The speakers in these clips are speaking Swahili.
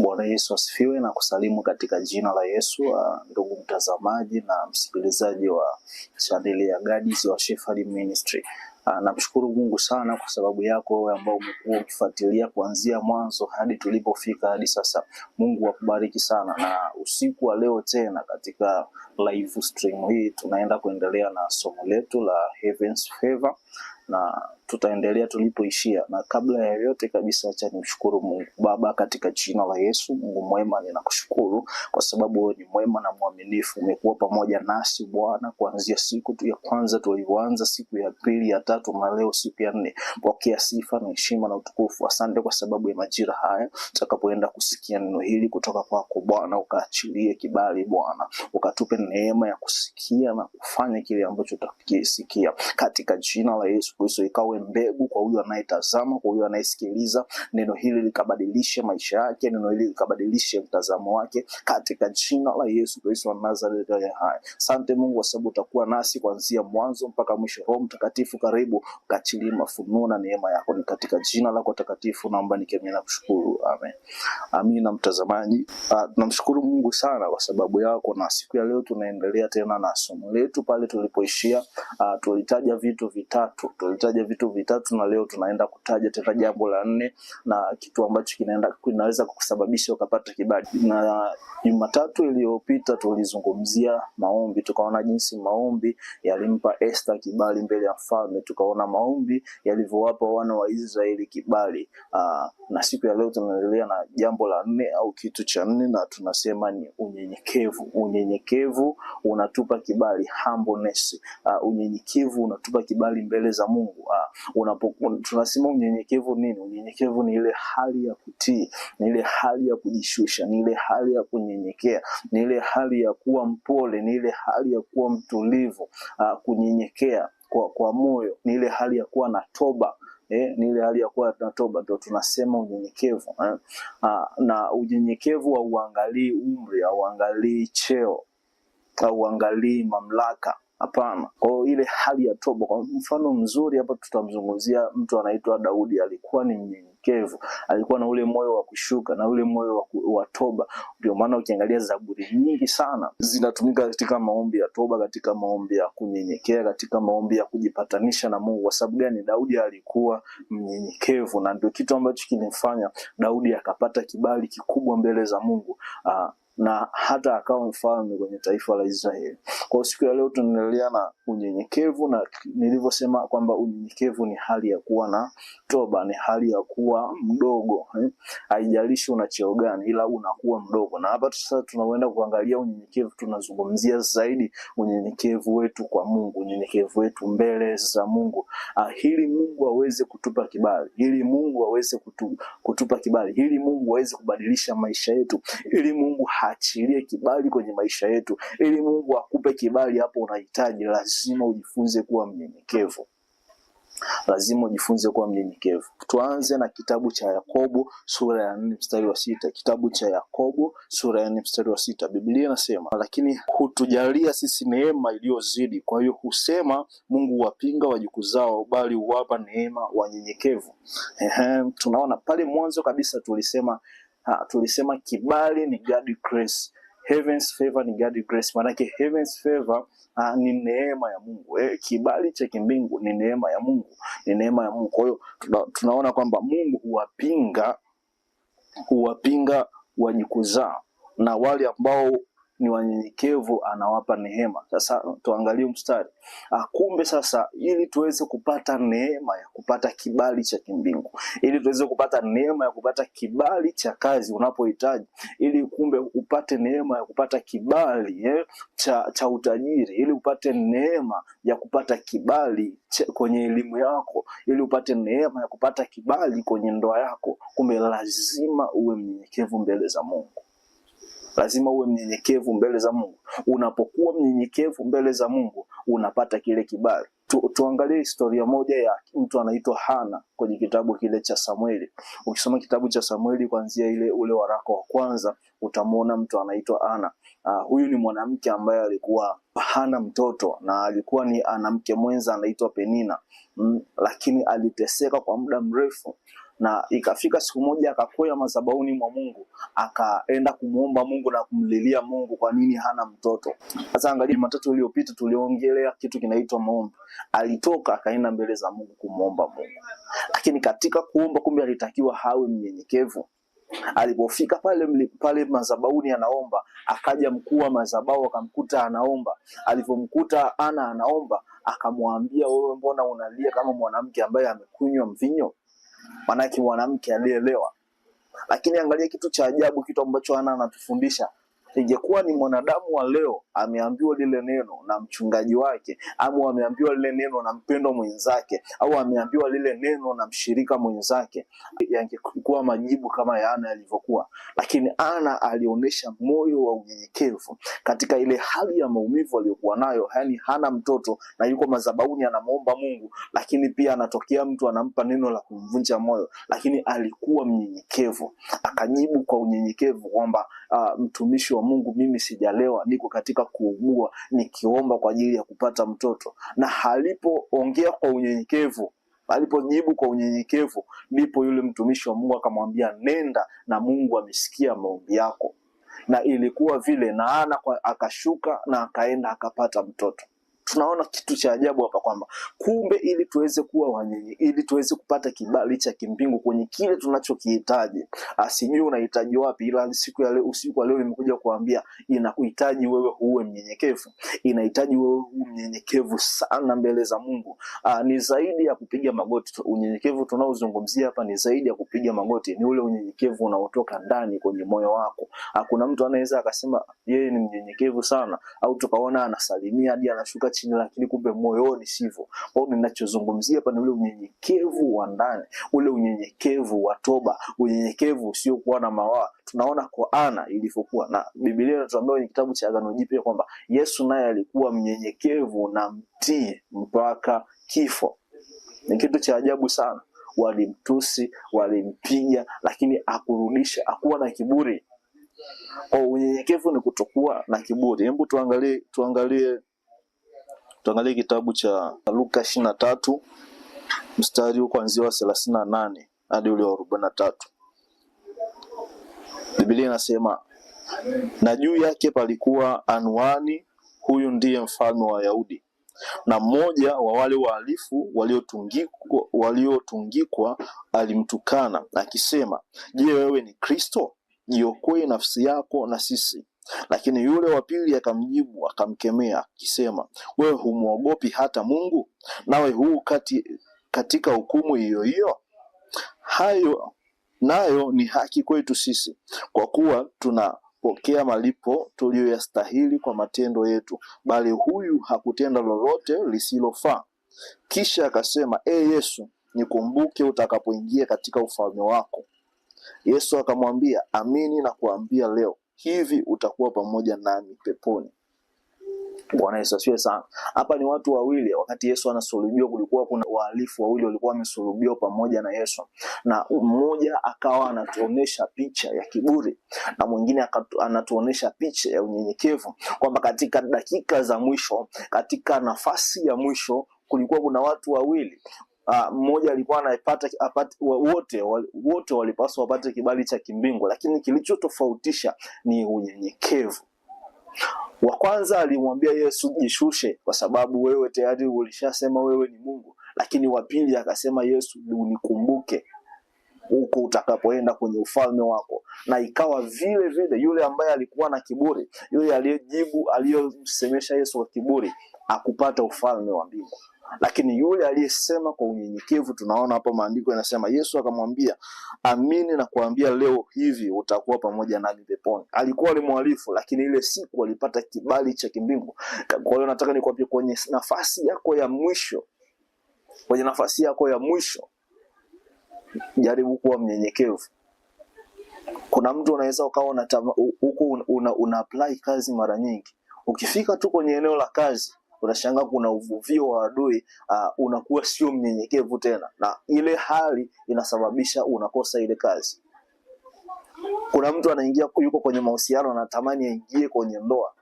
Bwana Yesu asifiwe na kusalimu katika jina la Yesu. Uh, ndugu mtazamaji na msikilizaji wa chaneli ya Gardens wa Shepherd Ministry. Uh, namshukuru Mungu sana kwa sababu yako wewe ambao umekuwa ukifuatilia kuanzia mwanzo hadi tulipofika hadi sasa. Mungu akubariki sana, na usiku wa leo tena katika live stream hii tunaenda kuendelea na somo letu la Heaven's Favor na tutaendelea tulipoishia. Na kabla ya yote kabisa, acha nimshukuru Mungu Baba katika jina la Yesu. Mungu mwema, ninakushukuru kwa sababu wewe ni mwema na mwaminifu, umekuwa pamoja nasi Bwana kuanzia siku tu ya kwanza tulivyoanza, siku ya pili, ya tatu na leo siku ya nne. Pokea sifa na heshima na utukufu. Asante kwa sababu ya majira haya tutakapoenda kusikia neno hili kutoka kwako Bwana, ukaachilie kibali Bwana, ukatupe neema ya kusikia na kufanya kile ambacho tutakisikia katika jina la Yesu Kristo ikawe ikawe mbegu kwa huyu anayetazama, kwa huyu anayesikiliza neno hili, likabadilishe maisha yake, neno hili likabadilishe mtazamo wake, katika jina la Yesu Kristo wa Nazareti aliye hai. Asante Mungu kwa sababu utakuwa nasi kuanzia mwanzo mpaka mwisho. Roho Mtakatifu, karibu ukachilie mafunuo na neema yako, ni katika jina lako takatifu naomba nikemea na kushukuru amen. Amina mtazamaji, ah, Namshukuru Mungu sana kwa sababu yako, na siku ya leo tunaendelea tena na somo letu pale tulipoishia. Ah, tulitaja vitu vitatu, tulitaja vitu vitu vitatu, na leo tunaenda kutaja tena jambo la nne na kitu ambacho kinaenda kinaweza kukusababisha ukapata kibali. Na Jumatatu iliyopita tulizungumzia maombi, tukaona jinsi maombi yalimpa Esta kibali mbele ya mfalme, tukaona maombi yalivyowapa wana wa Israeli kibali. Aa, ah, na siku ya leo tunaendelea na jambo la nne au kitu cha nne, na tunasema ni unyenyekevu. Unyenyekevu unatupa kibali, humbleness. Ah, unyenyekevu unatupa kibali mbele za Mungu. Aa, ah, tunasema unyenyekevu nini? Unyenyekevu ni ile hali ya kutii, ni ile hali ya kujishusha, ni ile hali ya kunyenyekea, ni ile hali ya kuwa mpole, ni ile hali ya kuwa mtulivu, uh, kunyenyekea kwa, kwa moyo, ni ile hali ya kuwa na toba. Eh, ni ile hali ya kuwa na toba ndio tunasema unyenyekevu eh. Ah, na unyenyekevu hauangalii umri, hauangalii cheo, hauangalii mamlaka Hapana. Kwa hiyo ile hali ya toba, kwa mfano mzuri hapa tutamzungumzia mtu anaitwa Daudi, alikuwa ni mnyenyekevu, alikuwa na ule moyo wa kushuka na ule moyo wa toba. Ndio maana ukiangalia Zaburi nyingi sana zinatumika katika maombi ya toba, katika maombi ya kunyenyekea, katika maombi ya kujipatanisha na Mungu. Kwa sababu gani? Daudi alikuwa mnyenyekevu, na ndio kitu ambacho kilimfanya Daudi akapata kibali kikubwa mbele za Mungu. Aa, ah, na hata akawa mfalme kwenye taifa la Israeli. Kwa siku ya leo tunaendelea na unyenyekevu, na nilivyosema kwamba unyenyekevu ni hali ya kuwa na toba, ni hali ya kuwa mdogo, eh? haijalishi una cheo gani, ila unakuwa mdogo. Na hapa sasa tunaenda kuangalia unyenyekevu, tunazungumzia zaidi unyenyekevu wetu kwa Mungu, unyenyekevu wetu mbele za Mungu, ah, ili Mungu aweze kutupa kibali, ili Mungu aweze kutupa kibali, ili Mungu aweze kubadilisha maisha yetu, ili Mungu ha aachilie kibali kwenye maisha yetu. Ili Mungu akupe kibali hapo unahitaji, lazima ujifunze kuwa mnyenyekevu lazima ujifunze kuwa mnyenyekevu. Tuanze na kitabu cha Yakobo sura ya nne mstari wa sita. Kitabu cha Yakobo sura ya nne mstari wa sita, Biblia inasema lakini hutujalia sisi neema iliyozidi, kwa hiyo husema Mungu huwapinga wajuku zao, bali huwapa neema wanyenyekevu. tunaona pale mwanzo kabisa tulisema Ha, ah, tulisema kibali ni God grace. Heaven's favor ni God grace. Maanake heaven's favor uh, ni neema ya Mungu eh, kibali cha kimbingu ni neema ya Mungu, ni neema ya Mungu. Kwa hiyo tuna, tunaona kwamba Mungu huwapinga huwapinga wajukuzaa na wale ambao ni wanyenyekevu, anawapa neema. Sasa tuangalie mstari ah, kumbe, sasa ili tuweze kupata neema ya kupata kibali cha kimbingu, ili tuweze kupata neema ya kupata kibali cha kazi unapohitaji, ili kumbe upate neema ya kupata kibali eh, cha, cha utajiri, ili upate neema ya kupata kibali cha, kwenye elimu yako, ili upate neema ya kupata kibali kwenye ndoa yako, kumbe lazima uwe mnyenyekevu mbele za Mungu. Lazima uwe mnyenyekevu mbele za Mungu. Unapokuwa mnyenyekevu mbele za Mungu unapata kile kibali. Tu, tuangalie historia moja ya mtu anaitwa Hana kwenye kitabu kile cha Samueli. Ukisoma kitabu cha Samueli kuanzia ile ule waraka wa kwanza utamwona mtu anaitwa ana Uh, ah, huyu ni mwanamke ambaye alikuwa hana mtoto na alikuwa ni anamke mwenza anaitwa Penina. Mm, lakini aliteseka kwa muda mrefu na ikafika siku moja akakwea madhabahuni mwa Mungu akaenda kumuomba Mungu na kumlilia Mungu kwa nini hana mtoto. Sasa angalia, Jumatatu iliyopita tuliongelea kitu kinaitwa maombi. Alitoka akaenda mbele za Mungu kumuomba Mungu, lakini katika kuomba, kumbe alitakiwa hawe mnyenyekevu. Alipofika pale pale madhabahuni anaomba, akaja mkuu wa madhabahu akamkuta anaomba. Alipomkuta ana anaomba, akamwambia wewe, mbona unalia kama mwanamke ambaye amekunywa mvinyo? maanake mwanamke alielewa. Lakini angalia kitu cha ajabu, kitu ambacho ana anatufundisha ingekuwa ni mwanadamu wa leo ameambiwa lile neno na mchungaji wake, au ameambiwa lile neno na mpendo mwenzake, au ameambiwa lile neno na mshirika mwenzake, yangekuwa majibu kama ya Ana yalivyokuwa. Lakini Ana alionyesha moyo wa unyenyekevu katika ile hali ya maumivu aliyokuwa nayo, yani hana mtoto na yuko madhabahuni anamwomba Mungu, lakini pia anatokea mtu anampa neno la kumvunja moyo, lakini alikuwa mnyenyekevu, akajibu kwa unyenyekevu kwamba uh, mtumishi wa Mungu, mimi sijalewa, niko katika kuugua, nikiomba kwa ajili ya kupata mtoto. Na alipoongea kwa unyenyekevu, alipojibu kwa unyenyekevu, ndipo yule mtumishi wa Mungu akamwambia, nenda na Mungu amesikia maombi yako. Na ilikuwa vile, na akashuka na akaenda akapata mtoto tunaona kitu cha ajabu hapa kwamba kumbe, ili tuweze kuwa wanyenye, ili tuweze kupata kibali cha kimbingu kwenye kile tunachokihitaji, asijui ah, unahitaji wapi, ila siku ya leo, usiku wa leo nimekuja kuambia, inakuhitaji wewe uwe mnyenyekevu, inahitaji wewe uwe mnyenyekevu sana mbele za Mungu. Aa, ah, ni zaidi ya kupiga magoti. Unyenyekevu tunaozungumzia hapa ni zaidi ya kupiga magoti, ni ule unyenyekevu unaotoka ndani kwenye moyo wako. Hakuna ah, mtu anaweza akasema yeye ni mnyenyekevu sana, au tukaona anasalimia hadi anashuka chini, lakini kumbe moyoni sivyo. Ninachozungumzia hapa ni ule unyenyekevu wa ndani, ule unyenyekevu wa toba, unyenyekevu usiokuwa na mawaa. Tunaona Ana ilivyokuwa, na Biblia inatuambia kwenye kitabu cha Agano Jipya kwamba Yesu naye alikuwa mnyenyekevu na mtii mpaka kifo. Ni kitu cha ajabu sana. Walimtusi, walimpiga, lakini akurudisha, akuwa na kiburi. Kwa unyenyekevu ni kutokuwa na kiburi. Hebu tuangalie tuangalie Tuangalie kitabu cha Luka ishirini na tatu mstari kuanzia wa thelathini na nane hadi ule wa arobaini na tatu. Biblia inasema na juu yake palikuwa anwani, huyu ndiye mfalme wa Wayahudi. Na mmoja wa wale wahalifu waliotungikwa waliotungikwa alimtukana akisema, je, wewe ni Kristo? Jiokoe nafsi yako na sisi. Lakini yule wa pili akamjibu akamkemea akisema, wewe humwogopi hata Mungu? Nawe huu kati, katika hukumu hiyo hiyo? Hayo nayo ni haki kwetu sisi, kwa kuwa tunapokea malipo tuliyoyastahili kwa matendo yetu, bali huyu hakutenda lolote lisilofaa. Kisha akasema, e Yesu, nikumbuke utakapoingia katika ufalme wako. Yesu akamwambia, amini na kuambia leo hivi utakuwa pamoja nami peponi. Bwana Yesu asifiwe sana. Hapa ni watu wawili, wakati Yesu anasulubiwa, kulikuwa kuna wahalifu wawili walikuwa wamesulubiwa pamoja na Yesu, na mmoja akawa anatuonesha picha ya kiburi na mwingine anatuonesha picha ya unyenyekevu, kwamba katika dakika za mwisho, katika nafasi ya mwisho, kulikuwa kuna watu wawili Ah, mmoja alikuwa anapata wote wote walipaswa wapate kibali cha kimbingu, lakini kilichotofautisha ni unyenyekevu. Wa kwanza alimwambia Yesu, jishushe, kwa sababu wewe tayari ulishasema wewe ni Mungu, lakini wa pili akasema, Yesu, unikumbuke huko utakapoenda kwenye ufalme wako. Na ikawa vile vile, yule ambaye alikuwa na kiburi, yule aliyejibu aliyosemesha Yesu wa kiburi, akupata ufalme wa mbingu. Lakini yule aliyesema kwa unyenyekevu, tunaona hapo maandiko yanasema, Yesu akamwambia, amini na kuambia leo hivi utakuwa pamoja nami peponi. Alikuwa ni mhalifu, lakini ile siku alipata kibali cha kimbingu. Kwa hiyo nataka nikwambie, kwenye nafasi yako ya mwisho, kwenye nafasi yako ya mwisho, jaribu kuwa mnyenyekevu. Kuna mtu unaweza ukawa una, una, una apply kazi mara nyingi, ukifika tu kwenye eneo la kazi unashangaa kuna uvuvio wa adui uh, unakuwa sio mnyenyekevu tena, na ile hali inasababisha unakosa ile kazi. Kuna mtu anaingia, yuko kwenye mahusiano, anatamani aingie kwenye ndoa,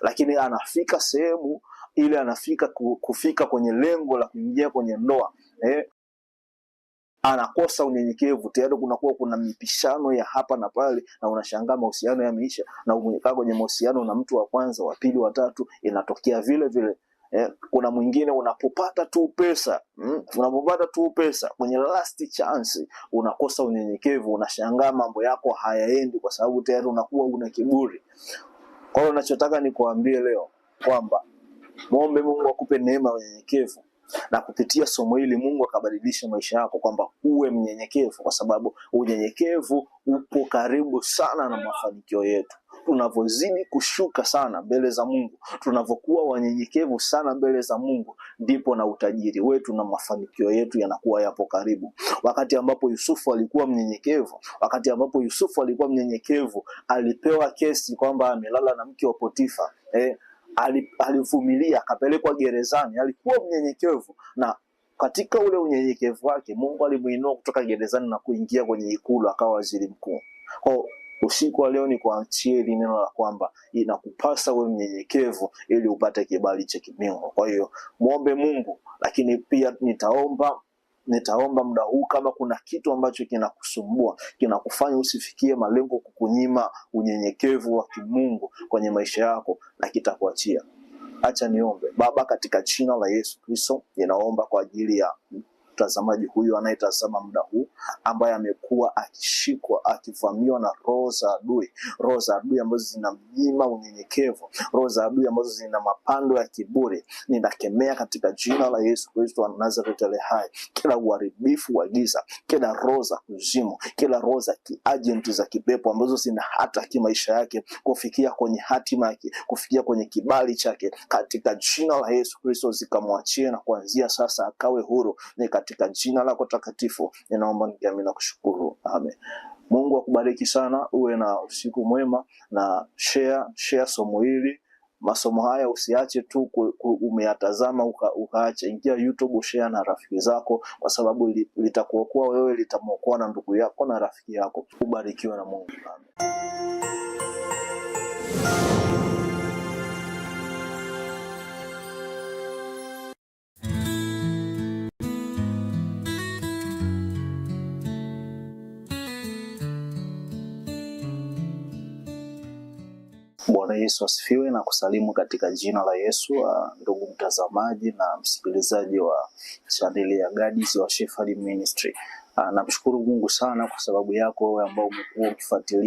lakini anafika sehemu ile, anafika kufika kwenye lengo la kuingia kwenye ndoa eh, anakosa unyenyekevu, tayari kunakuwa kuna mipishano ya hapa na pale, na unashangaa mahusiano yameisha, na umekaa kwenye mahusiano na mtu wa kwanza, wa pili, wa tatu, inatokea vile vile. Eh, kuna mwingine unapopata tu pesa mm, unapopata tu pesa kwenye last chance unakosa unyenyekevu, unashangaa mambo yako hayaendi, kwa sababu tayari unakuwa una kiburi. Kwa hiyo unachotaka nikuambie leo kwamba muombe Mungu akupe neema ya unyenyekevu na kupitia somo hili Mungu akabadilisha maisha yako, kwamba uwe mnyenyekevu, kwa sababu unyenyekevu upo karibu sana na mafanikio yetu. Tunavyozidi kushuka sana mbele za Mungu, tunavyokuwa wanyenyekevu sana mbele za Mungu, ndipo na utajiri wetu na mafanikio yetu yanakuwa yapo karibu. Wakati ambapo Yusufu alikuwa mnyenyekevu, wakati ambapo Yusufu alikuwa mnyenyekevu, alipewa kesi kwamba amelala na mke wa Potifa eh, alivumilia, akapelekwa gerezani, alikuwa mnyenyekevu na katika ule unyenyekevu wake Mungu alimuinua kutoka gerezani na kuingia kwenye ikulu akawa waziri mkuu. Kwa usiku wa leo ni kuachie hili neno la kwamba inakupasa uwe mnyenyekevu ili upate kibali cha kimungu. Kwa hiyo muombe Mungu, lakini pia nitaomba nitaomba muda huu, kama kuna kitu ambacho kinakusumbua kinakufanya usifikie malengo, kukunyima unyenyekevu wa kimungu kwenye maisha yako, na kitakuachia. Acha niombe. Baba, katika jina la Yesu Kristo, ninaomba kwa ajili ya mtazamaji huyu anayetazama muda huu ambaye amekuwa akishikwa akivamiwa na roho za adui, roho za adui ambazo zinamnyima unyenyekevu, roho za adui ambazo zina mapando ya kiburi, ninakemea katika jina la Yesu Kristo wa Nazareti aliye hai, kila uharibifu wa giza, kila roho za kuzimu, kila roho za kiajenti za kipepo ambazo zina hataki maisha yake kufikia kwenye hatima yake, kufikia kwenye kibali chake, katika jina la Yesu Kristo zikamwachie, na kuanzia sasa akawe huru nika katika jina lako takatifu ninaomba nikiamini na kushukuru, amen. Mungu akubariki sana, uwe na usiku mwema na share, share somo hili masomo haya usiache tu umeyatazama uka, ukaacha. Ingia YouTube share na rafiki zako, kwa sababu litakuokoa wewe, litamwokoa na ndugu yako na rafiki yako. Ubarikiwe na Mungu, amen. Bwana Yesu asifiwe na kusalimu katika jina la Yesu. Uh, ndugu mtazamaji na msikilizaji wa chaneli ya gadis wa Shepherd Ministry. Uh, namshukuru Mungu sana kwa sababu yako wewe ambao umekuwa ukifuatilia